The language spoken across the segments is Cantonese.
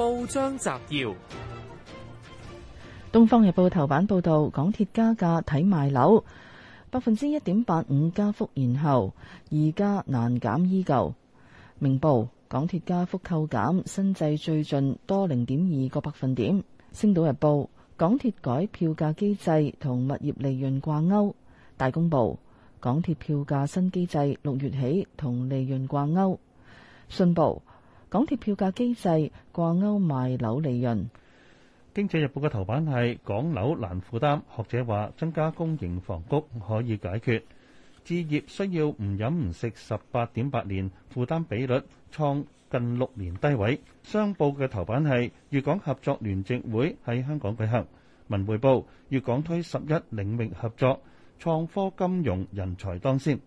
報章摘要：《東方日報》頭版報道，港鐵加價睇賣樓，百分之一點八五加幅，然後而家難減依舊。《明報》港鐵加幅扣減，新制最盡多零點二個百分點。《星島日報》港鐵改票價機制同物業利潤掛鈎。《大公報》港鐵票價新機制六月起同利潤掛鈎。《信報》港鐵票價機制掛鈎賣樓利潤。經濟日報嘅頭版係港樓難負擔，學者話增加公營房屋可以解決。置業需要唔飲唔食十八點八年負擔比率創近六年低位。商報嘅頭版係粵港合作聯席會喺香港舉行。文匯報粵港推十一領域合作，創科金融人才當先。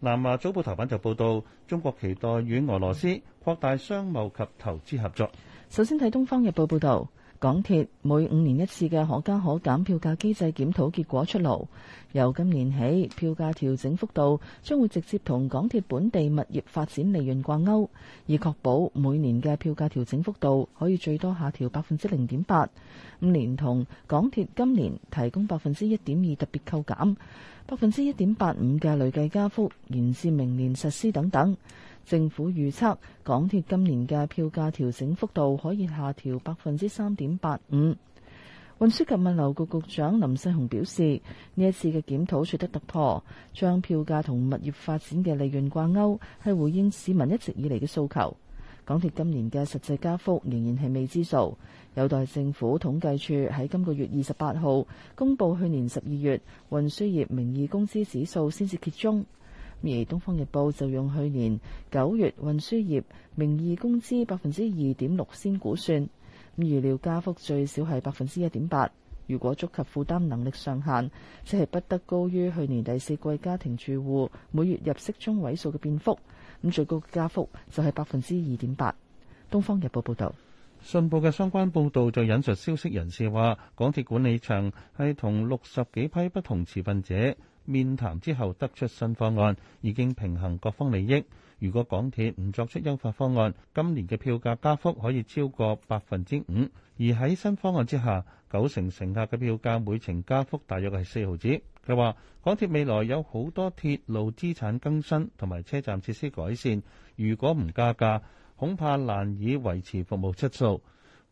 南華早報頭版就報道，中國期待與俄羅斯擴大商貿及投資合作。首先睇東方日報報道。港鐵每五年一次嘅可加可減票價機制檢討結果出爐，由今年起，票價調整幅度將會直接同港鐵本地物業發展利潤掛鈎，以確保每年嘅票價調整幅度可以最多下調百分之零點八五。連同港鐵今年提供百分之一點二特別扣減、百分之一點八五嘅累計加幅，延至明年實施等等。政府預測港鐵今年嘅票價調整幅度可以下調百分之三點八五。運輸及物流局局長林世雄表示，呢一次嘅檢討取得突破，將票價同物業發展嘅利潤掛鈎，係回應市民一直以嚟嘅訴求。港鐵今年嘅實際加幅仍然係未知數，有待政府統計處喺今個月二十八號公布去年十二月運輸業名義工資指數先至揭盅。而《東方日報》就用去年九月運輸業名義工資百分之二點六先估算，預料加幅最少係百分之一點八。如果觸及負擔能力上限，即係不得高於去年第四季家庭住戶每月入息中位數嘅變幅。咁最高嘅加幅就係百分之二點八。《東方日報》報導，信報嘅相關報導就引述消息人士話，港鐵管理層係同六十幾批不同持份者。面談之後得出新方案，已經平衡各方利益。如果港鐵唔作出優化方案，今年嘅票價加幅可以超過百分之五。而喺新方案之下，九成乘客嘅票價每程加幅大約係四毫子。佢話港鐵未來有好多鐵路資產更新同埋車站設施改善，如果唔加價，恐怕難以維持服務質素。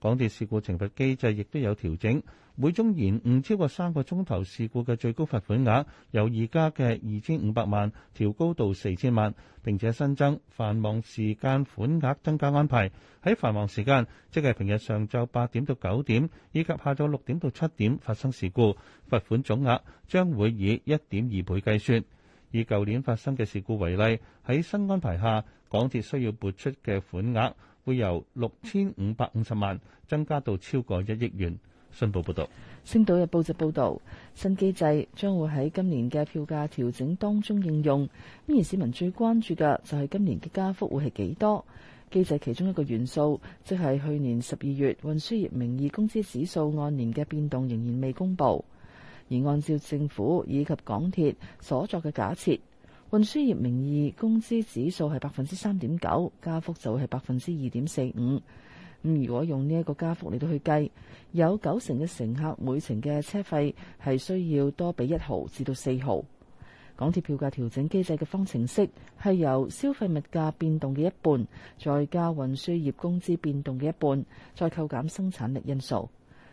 港鐵事故懲罰機制亦都有調整，每宗延誤超過三個鐘頭事故嘅最高罰款額，由而家嘅二千五百萬調高到四千萬，並且新增繁忙時間款額增加安排。喺繁忙時間，即係平日上晝八點到九點，以及下晝六點到七點發生事故，罰款總額將會以一點二倍計算。以舊年發生嘅事故為例，喺新安排下，港鐵需要撥出嘅款額，會由六千五百五十萬增加到超過一億元。信報報道，星島日報就報道新機制將會喺今年嘅票價調整當中應用。咁而市民最關注嘅就係今年嘅加幅會係幾多？機制其中一個元素，即係去年十二月運輸業名義工資指數按年嘅變動仍然未公布。而按照政府以及港鐵所作嘅假設。運輸業名義工資指數係百分之三點九，加幅就會係百分之二點四五。咁如果用呢一個加幅嚟到去計，有九成嘅乘客每程嘅車費係需要多俾一毫至到四毫。港鐵票價調整機制嘅方程式係由消費物價變動嘅一半再加運輸業工資變動嘅一半再扣減生產力因素。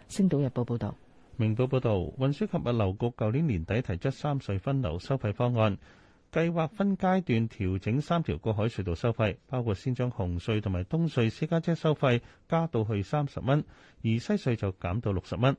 星島日報報道，明報報道，運輸及物流局舊年年底提出三稅分流收費方案。計劃分階段調整三條過海隧道收費，包括先將紅隧同埋東隧私家車收費加到去三十蚊，而西隧就減到六十蚊。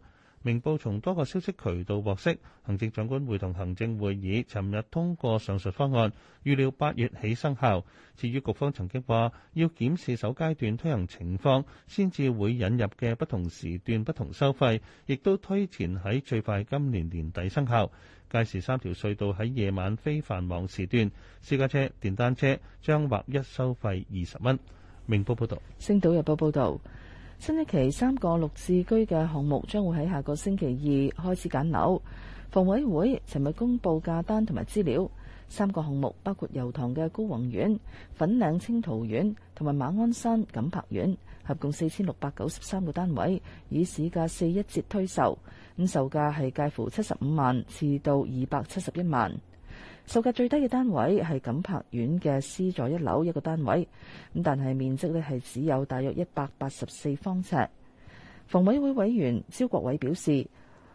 明報從多個消息渠道獲悉，行政長官會同行政會議尋日通過上述方案，預料八月起生效。至於局方曾經話要檢視首階段推行情況，先至會引入嘅不同時段不同收費，亦都推前喺最快今年年底生效。屆時，三條隧道喺夜晚非繁忙時段，私家車、電單車將劃一收費二十蚊。明報報道。星島日報報道。新一期三個綠置居嘅項目將會喺下個星期二開始揀樓，房委會尋日公布價單同埋資料。三個項目包括油塘嘅高宏苑、粉嶺清濤苑同埋馬鞍山錦柏苑，合共四千六百九十三個單位，以市價四一折推售，咁售價係介乎七十五萬至到二百七十一萬。售價最低嘅單位係錦柏苑嘅 C 座一樓一個單位，咁但係面積係只有大約一百八十四方尺。房委會委員招國偉表示，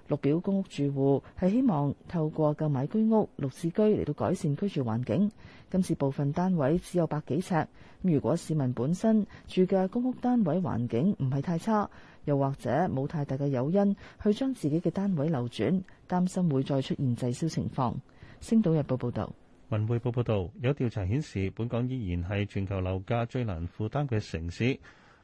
綠表公屋住戶係希望透過購買居屋、綠置居嚟到改善居住環境。今次部分單位只有百幾尺，如果市民本身住嘅公屋單位環境唔係太差，又或者冇太大嘅誘因去將自己嘅單位流轉，擔心會再出現滯銷情況。星島日報報道，文匯報報道，有調查顯示，本港依然係全球樓價最難負擔嘅城市。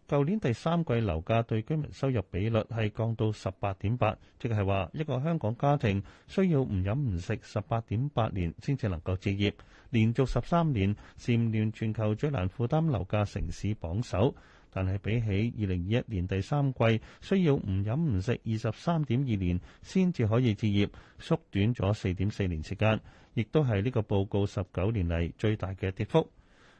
舊年第三季樓價對居民收入比率係降到十八點八，即係話一個香港家庭需要唔飲唔食十八點八年先至能夠置業，連續十三年蟬聯全球最難負擔樓價城市榜首。但係比起二零二一年第三季，需要唔飲唔食二十三點二年先至可以置業，縮短咗四點四年時間，亦都係呢個報告十九年嚟最大嘅跌幅。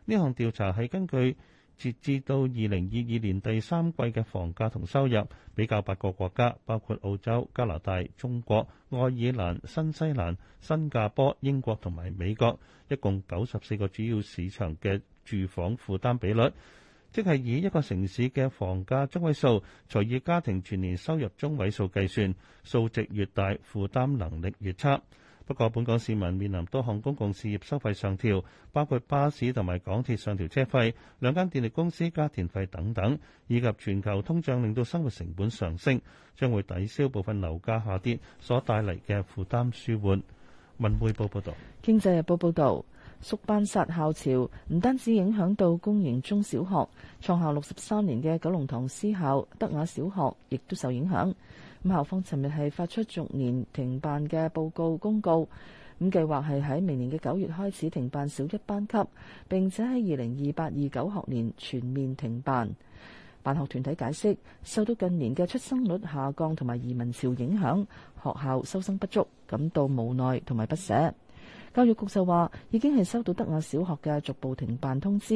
呢項調查係根據截至到二零二二年第三季嘅房價同收入，比較八個國家，包括澳洲、加拿大、中國、愛爾蘭、新西蘭、新加坡、英國同埋美國，一共九十四個主要市場嘅住房負擔比率。即係以一個城市嘅房價中位數，除以家庭全年收入中位數計算，數值越大，負擔能力越差。不過，本港市民面臨多項公共事業收費上調，包括巴士同埋港鐵上調車費，兩間電力公司加電費等等，以及全球通脹令到生活成本上升，將會抵消部分樓價下跌所帶嚟嘅負擔舒緩。文匯報報道。經濟日報報道。縮班殺校潮唔單止影響到公營中小學，創校六十三年嘅九龍塘私校德雅小學亦都受影響。咁校方尋日係發出逐年停辦嘅報告公告，咁計劃係喺明年嘅九月開始停辦小一班級，並且喺二零二八二九學年全面停辦。辦學團體解釋，受到近年嘅出生率下降同埋移民潮影響，學校收生不足，感到無奈同埋不捨。教育局就話已經係收到德雅小學嘅逐步停辦通知，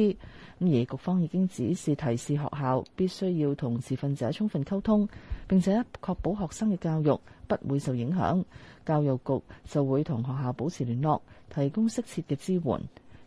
咁而局方已經指示提示學校必須要同持份者充分溝通，並且確保學生嘅教育不會受影響。教育局就會同學校保持聯絡，提供適切嘅支援。《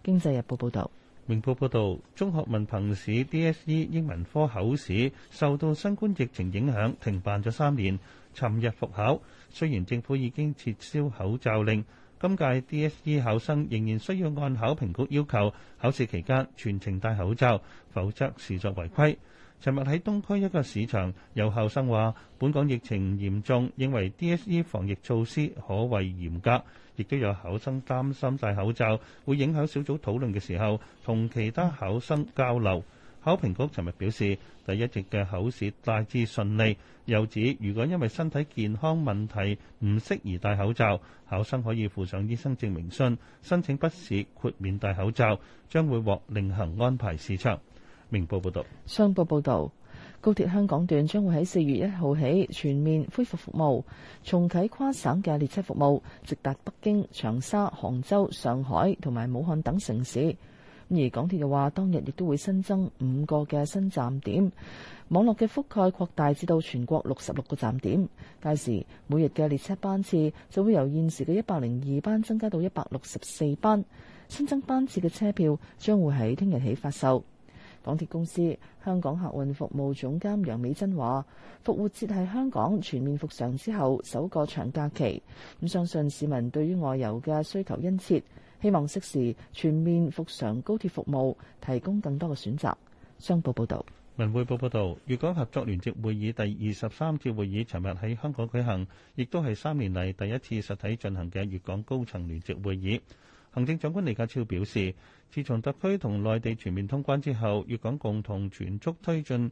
經濟日報》報道。明報報道，中學文憑試 DSE 英文科口試受到新冠疫情影響停辦咗三年，尋日復考。雖然政府已經撤銷口罩令。今屆 DSE 考生仍然需要按考評局要求，考試期間全程戴口罩，否則視作違規。尋日喺東區一個市場，有考生話：本港疫情嚴重，認為 DSE 防疫措施可謂嚴格。亦都有考生擔心戴口罩會影響小組討論嘅時候同其他考生交流。考評局尋日表示，第一日嘅考試大致順利，又指如果因為身體健康問題唔適宜戴口罩，考生可以附上醫生證明信申請筆試豁免戴口罩，將會獲另行安排試場。明報報道：商報報導，高鐵香港段將會喺四月一號起全面恢復服務，重啟跨省嘅列車服務，直達北京、長沙、杭州、上海同埋武漢等城市。而港鐵嘅話，當日亦都會新增五個嘅新站點，網絡嘅覆蓋擴大至到全國六十六個站點。屆時，每日嘅列車班次就會由現時嘅一百零二班增加到一百六十四班。新增班次嘅車票將會喺聽日起發售。港鐵公司香港客運服務總監楊美珍話：復活節係香港全面復常之後首個長假期，咁相信市民對於外遊嘅需求殷切。希望適時全面復常高鐵服務，提供更多嘅選擇。商報報道，文匯報報道，粵港合作聯席會議第二十三次會議尋日喺香港舉行，亦都係三年嚟第一次實體進行嘅粵港高層聯席會議。行政長官李家超表示，自從特區同內地全面通關之後，粵港共同全速推進。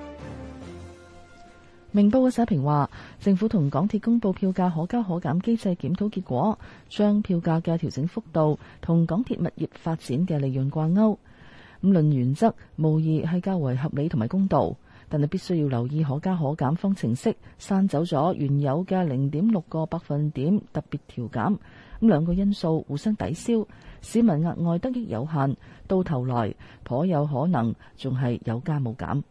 明報嘅社評話：政府同港鐵公佈票價可加可減機制檢討結果，將票價嘅調整幅度同港鐵物業發展嘅利潤掛鈎。咁論原則，無疑係較為合理同埋公道，但係必須要留意可加可減方程式刪走咗原有嘅零點六個百分點特別調減。咁兩個因素互相抵消，市民額外得益有限。到頭來，頗有可能仲係有加冇減。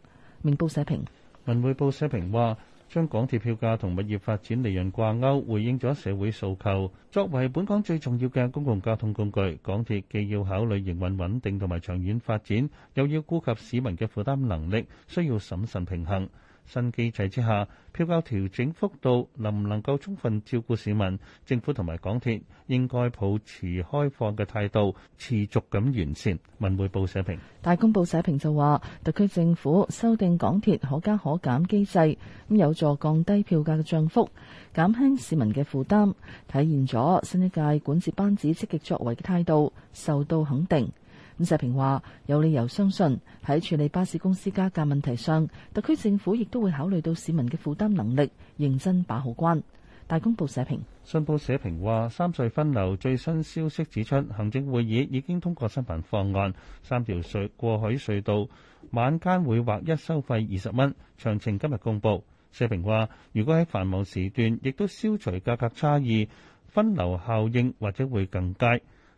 明報社評。文匯報社評話，將港鐵票價同物業發展利潤掛鈎，回應咗社會訴求。作為本港最重要嘅公共交通工具，港鐵既要考慮營運穩定同埋長遠發展，又要顧及市民嘅負擔能力，需要審慎平衡。新機制之下，票價調整幅度能唔能夠充分照顧市民？政府同埋港鐵應該保持開放嘅態度，持續咁完善。文匯報社評。大公報社評就話，特區政府修訂港鐵可加可減機制，咁有助降低票價嘅漲幅，減輕市民嘅負擔，體現咗新一屆管治班子積極作為嘅態度，受到肯定。咁社評話有理由相信喺處理巴士公司加價問題上，特區政府亦都會考慮到市民嘅負擔能力，認真把好關。大公報社評，信報社評話三隧分流最新消息指出，行政會議已經通過新聞方案，三條隧過海隧道晚間會劃一收費二十蚊，詳情今日公布。社評話如果喺繁忙時段亦都消除價格差異，分流效應或者會更佳。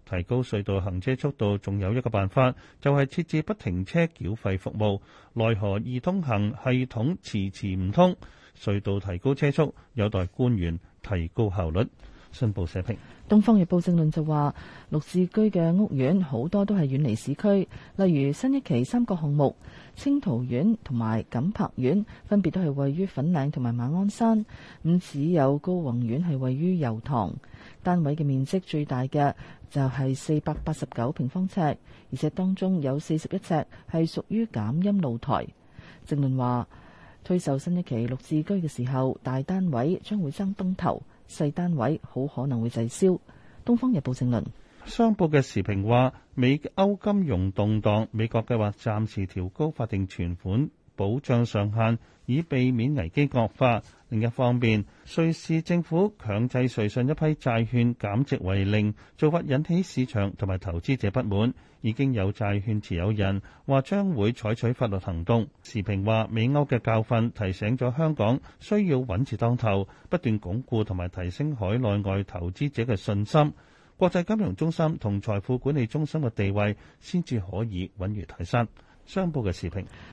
提高隧道行車速度，仲有一個辦法，就係、是、設置不停車繳費服務奈何易通行系統遲遲唔通，隧道提高車速有待官員提高效率。新報社評東方日報正論就話綠置居嘅屋苑好多都係遠離市區，例如新一期三個項目清濤苑同埋錦柏苑，分別都係位於粉嶺同埋馬鞍山，咁只有高宏苑係位於油塘。單位嘅面積最大嘅就係四百八十九平方尺，而且當中有四十一尺係屬於減音露台。正論話推售新一期綠置居嘅時候，大單位將會爭東頭，細單位好可能會滯銷。《東方日報正論》正論商報嘅時評話，美歐金融動盪，美國計劃暫時調高法定存款保障上限，以避免危機惡化。另一方面，瑞士政府強制瑞信一批債券減值為零，做法引起市場同埋投資者不滿，已經有債券持有人話將會採取法律行動，時評話美歐嘅教訓提醒咗香港需要穩字當頭，不斷鞏固同埋提升海內外投資者嘅信心，國際金融中心同財富管理中心嘅地位先至可以穩如泰山。商報嘅時評。